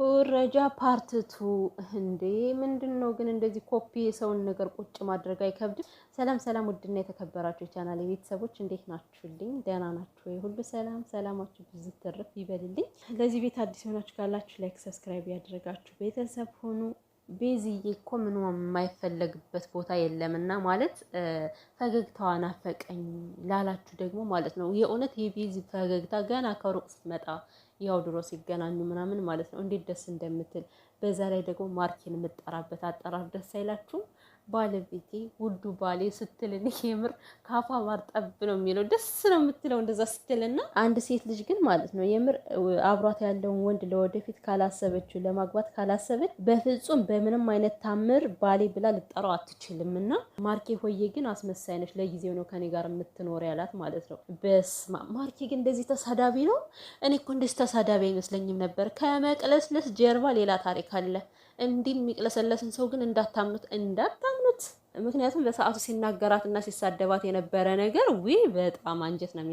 ኩረጃ ፓርትቱ እንዴ ምንድን ነው ግን እንደዚህ ኮፒ የሰውን ነገር ቁጭ ማድረግ አይከብድም። ሰላም ሰላም፣ ውድና የተከበራችሁ ቻናል ቤተሰቦች እንዴት ናችሁልኝ? ደህና ናችሁ ወይ? ሁሉ ሰላም ሰላማችሁ ብዙ ትርፍ ይበልልኝ። ለዚህ ቤት አዲስ የሆናችሁ ካላችሁ ላይክ፣ ሰብስክራይብ ያደረጋችሁ ቤተሰብ ሆኑ። ቤዝዬ እኮ ምን የማይፈለግበት ቦታ የለምና ማለት ፈገግታዋ ናፈቀኝ ላላችሁ ደግሞ ማለት ነው የእውነት የቤዚ ፈገግታ ገና ከሩቅ ስትመጣ ያው ድሮ ሲገናኙ ምናምን ማለት ነው እንዴት ደስ እንደምትል በዛ ላይ ደግሞ ማርኬን የምጠራበት አጠራር ደስ አይላችሁ? ባለቤቴ ውዱ ባሌ ስትልን እኔ የምር ማር ጠብ ነው የሚለው። ደስ ነው የምትለው እንደዛ ስትልና፣ አንድ ሴት ልጅ ግን ማለት ነው የምር አብሯት ያለውን ወንድ ለወደፊት ካላሰበችው ለማግባት ካላሰበች በፍጹም በምንም አይነት ታምር ባሌ ብላ ልጠራው አትችልም። እና ማርኬ ሆዬ ግን አስመሳይ ነች፣ ለጊዜው ነው ከኔ ጋር የምትኖር ያላት ማለት ነው። በስማ ማርኬ ግን እንደዚህ ተሳዳቢ ነው። እኔ እኮ እንደዚህ ተሳዳቢ አይመስለኝም ነበር። ከመቅለስለስ ጀርባ ሌላ ታሪክ አለ። እንዲህ የሚቅለሰለስን ሰው ግን እንዳታምኑት እንዳታ እውነት ምክንያቱም በሰዓቱ ሲናገራትና ሲሳደባት የነበረ ነገር ዊ በጣም አንጀት ነው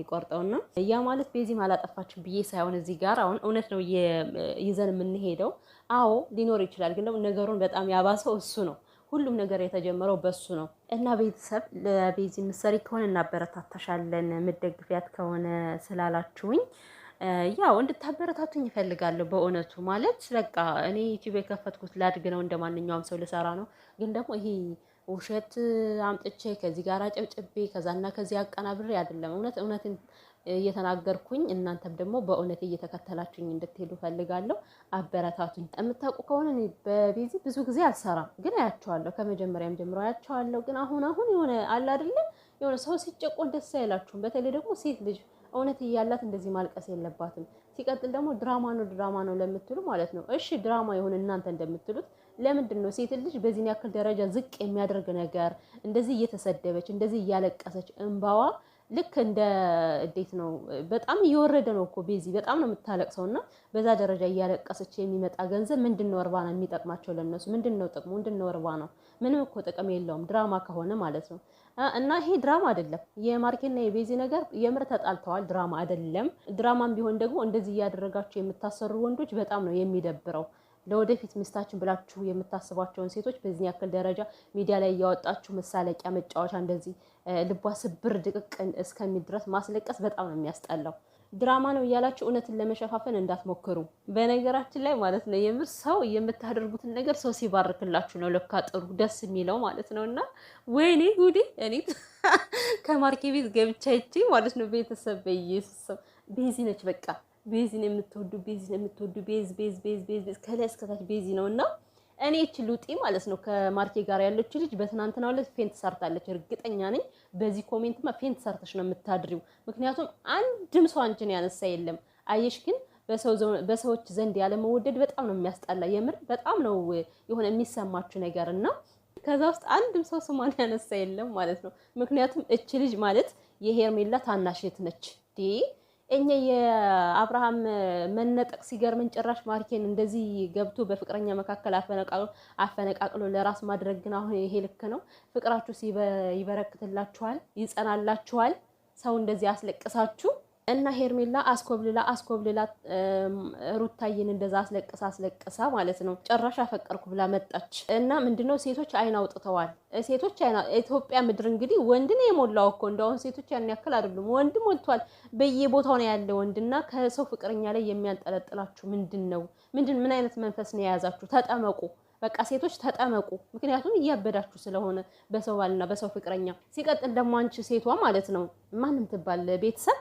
ና ያ ማለት ቤዚም አላጠፋችም ብዬ ሳይሆን እዚህ ጋር አሁን እውነት ነው ይዘን የምንሄደው። አዎ ሊኖር ይችላል፣ ግን ደግሞ ነገሩን በጣም ያባሰው እሱ ነው። ሁሉም ነገር የተጀመረው በሱ ነው እና ቤተሰብ ለቤዚ ምሰሪ ከሆነ እናበረታታሻለን፣ ምደግፊያት ከሆነ ስላላችሁኝ ያው እንድታበረታቱኝ ይፈልጋለሁ። በእውነቱ ማለት በቃ እኔ ዩቲዩብ የከፈትኩት ላድግ ነው፣ እንደ ማንኛውም ሰው ልሰራ ነው። ግን ደግሞ ይሄ ውሸት አምጥቼ ከዚህ ጋር ጨብጭቤ ከዛና ከዚህ አቀናብሬ አይደለም። እውነት እውነትን እየተናገርኩኝ እናንተም ደግሞ በእውነት እየተከተላችሁኝ እንድትሄዱ ፈልጋለሁ። አበረታቱኝ። የምታውቁ ከሆነ በቤዚ ብዙ ጊዜ አልሰራም፣ ግን አያቸዋለሁ። ከመጀመሪያም ጀምሮ አያቸዋለሁ። ግን አሁን አሁን የሆነ አለ አይደለ የሆነ ሰው ሲጨቆን ደስ አይላችሁም። በተለይ ደግሞ ሴት ልጅ እውነት እያላት እንደዚህ ማልቀስ የለባትም። ሲቀጥል ደግሞ ድራማ ነው ድራማ ነው ለምትሉ ማለት ነው እሺ ድራማ የሆነ እናንተ እንደምትሉት ለምንድን ነው ሴት ልጅ በዚህን ያክል ደረጃ ዝቅ የሚያደርግ ነገር? እንደዚህ እየተሰደበች እንደዚህ እያለቀሰች እንባዋ ልክ እንደ እንዴት ነው በጣም እየወረደ ነው እኮ ቤዚ በጣም ነው የምታለቅሰው። እና በዛ ደረጃ እያለቀሰች የሚመጣ ገንዘብ ምንድን ነው እርባና የሚጠቅማቸው ለነሱ? ምንድን ነው ጥቅሙ? ምንድን ነው እርባና? ምንም እኮ ጥቅም የለውም ድራማ ከሆነ ማለት ነው። እና ይሄ ድራማ አይደለም። የማርኬና የቤዚ ነገር የምር ተጣልተዋል፣ ድራማ አይደለም። ድራማም ቢሆን ደግሞ እንደዚህ እያደረጋቸው የምታሰሩ ወንዶች በጣም ነው የሚደብረው። ለወደፊት ሚስታችን ብላችሁ የምታስቧቸውን ሴቶች በዚህ ያክል ደረጃ ሚዲያ ላይ እያወጣችሁ መሳለቂያ መጫወቻ እንደዚህ ልቧ ስብር ድቅቅ እስከሚል ድረስ ማስለቀስ በጣም ነው የሚያስጠላው። ድራማ ነው እያላችሁ እውነትን ለመሸፋፈን እንዳትሞክሩ። በነገራችን ላይ ማለት ነው የምር ሰው የምታደርጉትን ነገር ሰው ሲባርክላችሁ ነው ለካ ጥሩ ደስ የሚለው ማለት ነው። እና ወይኔ ጉዴ እኔ ከማርኬ ቤት ገብቻ ማለት ነው ቤተሰብ በየሱስ ሰው ቤዚ ነች በቃ ቤዝን የምትወዱ ቤዝን የምትወዱ ቤዝ ቤዝ ቤዝ ቤዝ ቤዝ ከላይ እስከታች ቤዚ ነው እና እኔ እቺ ሉጢ ማለት ነው ከማርኬ ጋር ያለች ልጅ በትናንትናው ዕለት ፌንት ሰርታለች። እርግጠኛ ነኝ በዚህ ኮሜንትማ ፌንት ሰርተሽ ነው የምታድሪው። ምክንያቱም አንድም ሰው አንቺን ያነሳ የለም። አየሽ ግን በሰዎች ዘንድ ያለመወደድ በጣም ነው የሚያስጠላ። የምር በጣም ነው የሆነ የሚሰማችሁ ነገር እና ከዛ ውስጥ አንድም ሰው ስሟን ያነሳ የለም ማለት ነው። ምክንያቱም እች ልጅ ማለት የሄርሜላ ታናሽ እህት ነች። እኛ የአብርሃም መነጠቅ ሲገርምን ጭራሽ ማርኬን እንደዚህ ገብቶ በፍቅረኛ መካከል አፈነቃቅሎ ለራስ ማድረግ ግን አሁን ይሄ ልክ ነው? ፍቅራችሁ ይበረክትላችኋል፣ ይጸናላችኋል። ሰው እንደዚህ አስለቅሳችሁ እና ሄርሜላ አስኮብልላ አስኮብልላ ሩታዬን እንደዛ አስለቅሳ አስለቅሳ ማለት ነው። ጭራሽ አፈቀርኩ ብላ መጣች እና ምንድነው ሴቶች አይን አውጥተዋል። ሴቶች አይና ኢትዮጵያ ምድር እንግዲህ ወንድ ነው የሞላው እኮ እንደሁን ሴቶች ያን ያክል አይደሉም። ወንድ ሞልቷል። በየቦታው ነው ያለ ወንድና ከሰው ፍቅረኛ ላይ የሚያንጠለጥላችሁ ምንድን ነው? ምንድን ምን አይነት መንፈስ ነው የያዛችሁ? ተጠመቁ በቃ ሴቶች ተጠመቁ። ምክንያቱም እያበዳችሁ ስለሆነ በሰው ባልና በሰው ፍቅረኛ። ሲቀጥል ደግሞ አንቺ ሴቷ ማለት ነው ማንም ትባል ቤተሰብ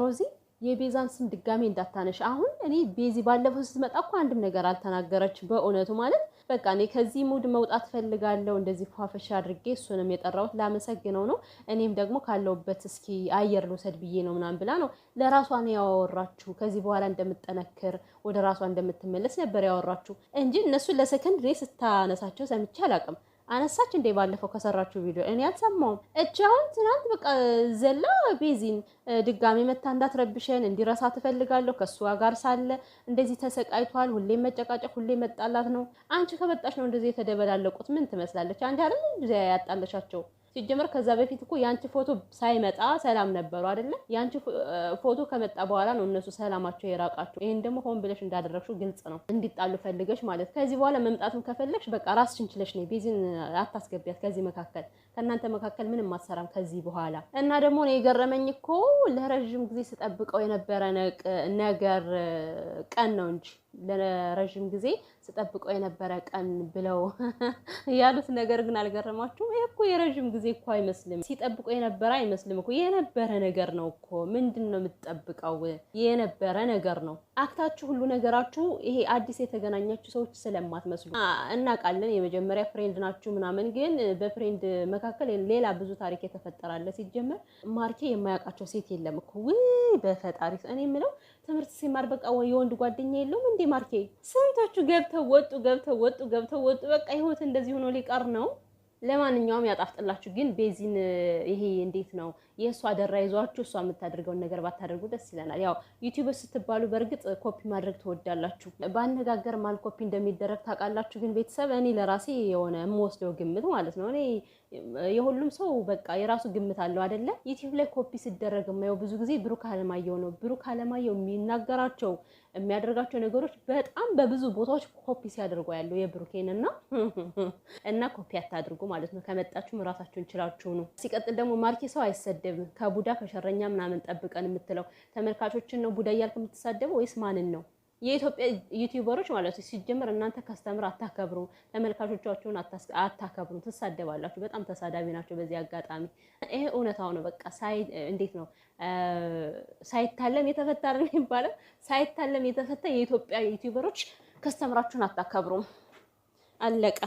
ሮዚ የቤዛን ስም ድጋሜ እንዳታነሽ። አሁን እኔ ቤዚ ባለፈው ስትመጣ እኮ አንድም ነገር አልተናገረች። በእውነቱ ማለት በቃ እኔ ከዚህ ሙድ መውጣት ፈልጋለሁ፣ እንደዚህ ፏፈሻ አድርጌ እሱንም የጠራሁት ላመሰግነው ነው። እኔም ደግሞ ካለውበት እስኪ አየር ልውሰድ ብዬ ነው ምናምን ብላ ነው ለራሷ ነው ያወራችሁ። ከዚህ በኋላ እንደምጠነክር ወደ ራሷ እንደምትመለስ ነበር ያወራችሁ እንጂ እነሱን ለሰከንድ ሬ ስታነሳቸው ሰምቼ አላውቅም። አነሳች እንዴ ባለፈው ከሰራችሁ ቪዲዮ እኔ አልሰማውም። እች አሁን ትናንት በቃ ዘላ ቤዚን ድጋሚ መታ እንዳትረብሸን እንዲረሳ ትፈልጋለሁ። ከእሷ ጋር ሳለ እንደዚህ ተሰቃይቷል። ሁሌም መጨቃጨቅ፣ ሁሌ መጣላት ነው። አንቺ ከመጣች ነው እንደዚህ የተደበላለቁት። ምን ትመስላለች? አንቺ አይደል ያጣለቻቸው ሲጀመር ከዛ በፊት እኮ የአንቺ ፎቶ ሳይመጣ ሰላም ነበሩ አይደለ? የአንቺ ፎቶ ከመጣ በኋላ ነው እነሱ ሰላማቸው የራቃቸው። ይህን ደግሞ ሆን ብለሽ እንዳደረግሽው ግልጽ ነው፣ እንዲጣሉ ፈልገሽ ማለት። ከዚህ በኋላ መምጣቱን ከፈለግሽ በቃ ራስሽን ችለሽ ነው። ቤዚን አታስገቢያት ከዚህ መካከል፣ ከእናንተ መካከል ምንም አትሰራም ከዚህ በኋላ። እና ደግሞ ነው የገረመኝ እኮ ለረዥም ጊዜ ስጠብቀው የነበረ ነገር ቀን ነው እንጂ ለረዥም ጊዜ ስጠብቀው የነበረ ቀን ብለው ያሉት ነገር ግን አልገረማችሁም? ይ እኮ የረዥም ጊዜ እኮ አይመስልም። ሲጠብቆ የነበረ አይመስልም እኮ የነበረ ነገር ነው እኮ። ምንድን ነው የምትጠብቀው? የነበረ ነገር ነው። አክታችሁ ሁሉ ነገራችሁ ይሄ አዲስ የተገናኛችሁ ሰዎች ስለማትመስሉ እናውቃለን። የመጀመሪያ ፍሬንድ ናችሁ ምናምን፣ ግን በፍሬንድ መካከል ሌላ ብዙ ታሪክ የተፈጠራለ። ሲጀመር ማርኬ የማያውቃቸው ሴት የለም እኮ። ውይ በፈጣሪ እኔ የምለው ትምህርት ሲማር በቃ የወንድ ጓደኛ የለውም እንዴ ማርኬ? ስንቶቹ ገብተው ወጡ፣ ገብተው ወጡ፣ ገብተው ወጡ። በቃ ህይወት እንደዚህ ሆኖ ሊቀር ነው። ለማንኛውም ያጣፍጥላችሁ። ግን ቤዚን ይሄ እንዴት ነው የእሷ አደራ ይዟችሁ እሷ የምታደርገውን ነገር ባታደርጉ ደስ ይለናል። ያው ዩቲዩበር ስትባሉ በእርግጥ ኮፒ ማድረግ ትወዳላችሁ። በአነጋገር ማል ኮፒ እንደሚደረግ ታውቃላችሁ። ግን ቤተሰብ እኔ ለራሴ የሆነ የምወስደው ግምት ማለት ነው እኔ የሁሉም ሰው በቃ የራሱ ግምት አለው አደለ? ዩቲዩብ ላይ ኮፒ ሲደረግ የማየው ብዙ ጊዜ ብሩክ አለማየሁ ነው። ብሩክ አለማየሁ የሚናገራቸው የሚያደርጋቸው ነገሮች በጣም በብዙ ቦታዎች ኮፒ ሲያደርጉ ያለው የብሩኬን እና እና ኮፒ አታድርጉ ማለት ነው። ከመጣችሁም ራሳችሁን ችላችሁ ነው። ሲቀጥል ደግሞ ማርኬ ሰው አይሰደብም ከቡዳ ከሸረኛ ምናምን ጠብቀን የምትለው ተመልካቾችን ነው ቡዳ እያልክ የምትሳደበው ወይስ ማንን ነው? የኢትዮጵያ ዩቲዩበሮች ማለት ሲጀምር እናንተ ከስተምር አታከብሩ፣ ተመልካቾቻችሁን አታከብሩ፣ ትሳደባላችሁ። በጣም ተሳዳቢ ናቸው። በዚህ አጋጣሚ ይሄ እውነታው ነው። በቃ እንዴት ነው ሳይታለም የተፈታ ነው የሚባለው። ሳይታለም የተፈታ የኢትዮጵያ ዩቲዩበሮች ከስተምራችሁን አታከብሩም። አለቀ።